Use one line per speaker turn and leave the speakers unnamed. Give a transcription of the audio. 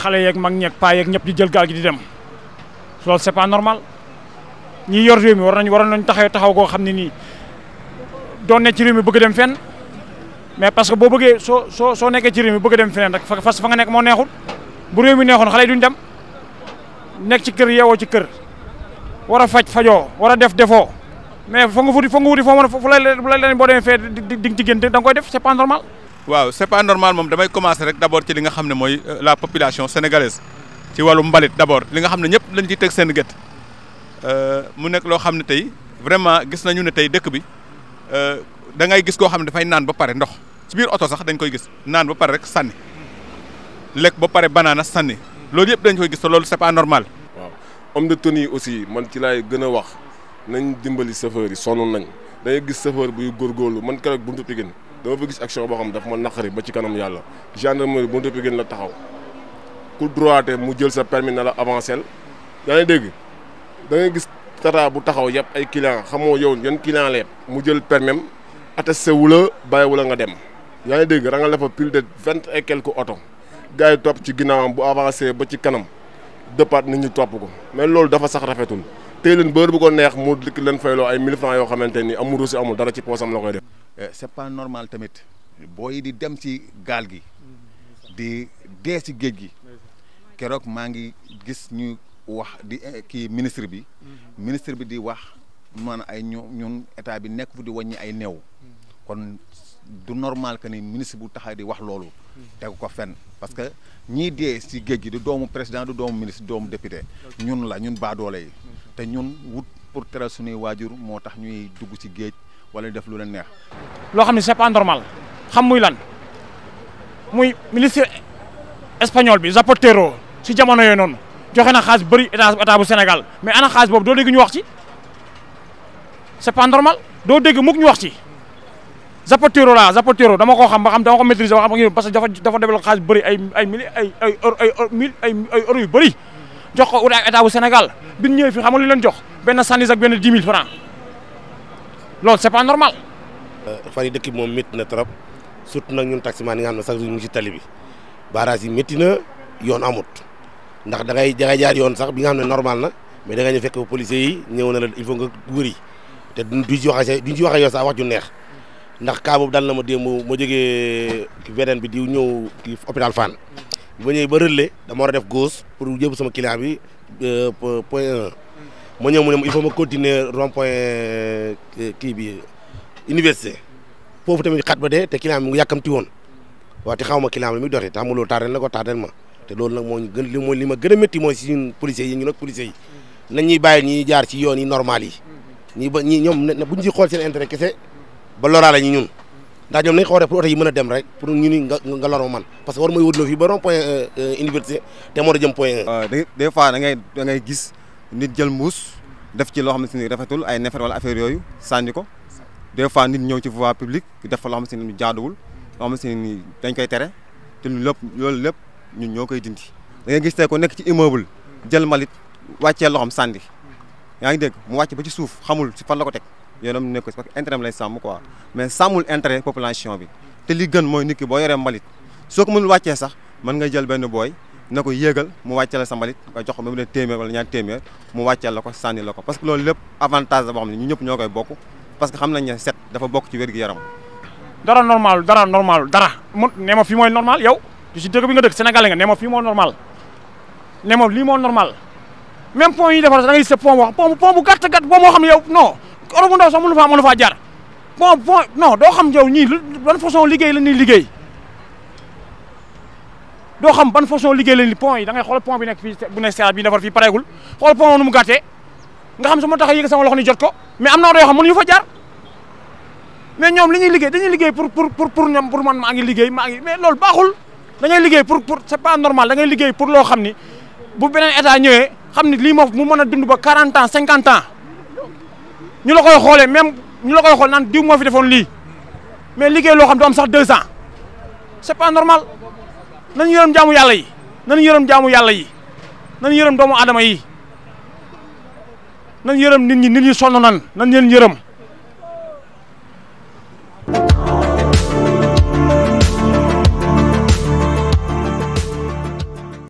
xale yeeg mag ñeeg paa yeeg ñëpp di jël gaal gi di dem loolu c'est pas normal ñi yor réew mi war nañu waroon nañu taxaw taxaw koo xam ne nii doon ne ci réew mi bëgg dem fen mais parce que boo bëggee soo soo soo nekkee ci réew mi bëgg dem feneen rek fa fa nga nekk moo neexul bu réew mi neexoon xale yi duñ dem nekk ci kër yeewoo ci kër war a faj fajoo war a def defoo mais fa nga futi fa nga wuti foo lay boo demee fee di di nga koy def c'est pas normal. waaw c'est pas normal moom damay commencer rek d'abord ci li nga xam ne mooy
euh, la population sénégalaise ci wàllu mbalit d'abord li nga xam ne ñëpp lañ ciy teg seen gët euh, mu nekk loo xam ne tey vraiment gis nañu ne tey dëkk bi euh, da ngay gis koo xam ne dafay naan ba pare ndox ci biir oto sax dañ koy gis naan ba pare rek sànni lekk ba pare banaana
sànni loolu yëpp dañ koy gis te loolu c'est pas normal. waaw homme de tenue aussi man ci lay gën a wax nañ dimbali chauffeur yi sonn nañ dangay gis chauffeur buy góorgóorlu man keroog buntu Pikine dama fa gis action boo xam dafa ma naqari ba ci kanam yàlla gendarmerie bu ñu gën la taxaw ku droité mu jël sa permis na la avancé yaa ngi dégg da ngay gis tata bu taxaw yëpp ay client xamoo yow yan client la mu jël permis am attesté wu la bàyyiwu la nga dem yaa ngi dégg rangal la fa plus de vingt et quelques oto gars yi topp ci ginnaawam bu avancé ba ci kanam dëppaat nit ñi topp ko mais loolu dafa sax rafetul tey leen bër bu ko neex mu dikk leen fayloo ay mille francs yoo xamante ni amul russi amul dara la koy def
Euh, c'est pas normal tamit boo yi di dem ci gaal gi di dee ci géej gi keroog maa ngi gis ñu wax di eh, kii ministre bi ministre bi di wax man ay ñu ñun état bi nekk fu di wàññi ay néew kon du normal que ni ministre bu taxaw di wax loolu tegu ko fenn parce que ñii dee ci géej gi du doomu président du doomu ministre doomu député ñun la ñun baadoole yi te ñun wut pour teral suñuy waajur moo tax ñuy dugg ci géej wala def lu leen neex.
loo xam ne c'est normal xam muy lan muy ministre espagnol bi Zapatero si jamono yooyu noonu joxe na xaalis bëri état état bu Sénégal mais ana xaalis boobu doo dégg ñu wax ci c'est pas normal doo dégg mukk ñu wax ci. Zapatero laa Zapatero dama ko xam ba xam dama ko maîtriser ba xam parce que dafa dafa développé xaalis bëri ay ay mille ay ay mille ay ay euros yu bëri jox ko état bu Sénégal bi ñëwee fii xam nga leen jox benn sandis ak benn dix mille francs loolu c'est pas normal.
Euh, fan yi dëkk moom métti na trop surtout nag ñun taximaan yi nga xam ne sax ñu ngi ci tali bi barrage yi métti na yoon amut ndax da ngay da jaar yoon sax bi nga xam ne normal na mais da nga ñu fekk policiers yi ñëw na la il faut nga wëri te duñ duñ ci waxee ci waxee yoon ju neex ndax cas boobu dal ma démb ma jógee beneen bi di ñëw kii hôpital Fann ba ñëwee dama war a def goos pour yóbbu sama client bi euh, point 1 ma ñëw mu ne il faut ma continuer rond point euh, bi université foofu tamit xat ba dee te client bi mu yàkkamti woon waaw te xaw ma client bi mi doxee te xam nga loolu tardel na ko tardel ma te loolu a métti mooy si yi ñu nag yi nañ ba ñi ñoom ne bu ñu si xool seen intérêt kese ba loraa la ñu ñun ndax ñoom nañ xoolee pour oto yi mën a dem rek pour ñu nga nga parce que war mooy wóorloo fii ba rond euh, euh, université te moo da jëm point 1. des fois da ngay ngay gis nit jël mbuus
def ci loo xam ne si ni rafetul ay neefere wala affaire yooyu sànni ko des fois nit ñëw ci voie publique def fa loo si ni jaaduwul loo xam si ni dañ koy tere te lu lépp loolu lépp ñun ñoo koy dindi da ngay gis tey ko nekk ci immeuble jël mbalit wàccee loxoom sànni yaa ngi dégg mu wàcc ba ci suuf xamul si fan la ko teg yoonam nekk ko si parce que intérêt lay sàmm quoi mais sàmmul intérêt population bi te li gën mooy nit ki boo yoree mbalit soo ko mënul wàccee sax mën nga jël benn booy na ko yéegal mu wàcceel sa mbalit nga jox ko même ne mu wàcceel la ko sànni la ko parce que loolu lépp avantage la boo xam ne ñu ñëpp ñoo koy bokk parce que xam nañ ne set dafa bokk ci wér-gu-yaram
dara normal dara normal dara mu ne ma fii mooy normal yow ci dëkk bi nga dëkk Sénégal nga ne ma fii normal ne ma lii moo normal même pont yi defar da ngay gis pont boo xam pont bu gàtt gàtt boo moo xam ne yow non oto bu ndaw sax mënu faa mënu faa jaar pont pont non doo xam yow ñii ban façon liggéey la ñuy liggéey doo xam ban façon liggéey lañ li pont yi da xool pont bi nekk fii bu nekk seera bi defar fii pareegul xool pont nu mu gàttee nga xam su ma tax yéeg sama loxo ni jot ko mais am na yoo xam mënuñu fa jaar mais ñoom li ñuy liggéey dañu liggéey pour pour pour pour ñoom pour man maa ngi liggéey maa ngi mais loolu baaxul da liggéey pour pour c'est pas normal da liggéey pour loo xam ni bu beneen état ñëwee xam ni lii moo mu mën a dund ba 40 ans 50 ans ñu la koy xoolee même ñu la koy xool naan diw moo fi defoon lii mais liggéey loo xam du am sax 2 ans c'est pas nañu yërëm jaamu yàlla yi nañu yërëm jaamu yàlla yi nañu yërëm doomu aadama yi nañu yërëm nit ñi nit ñi sonn nan nañu leen yërëm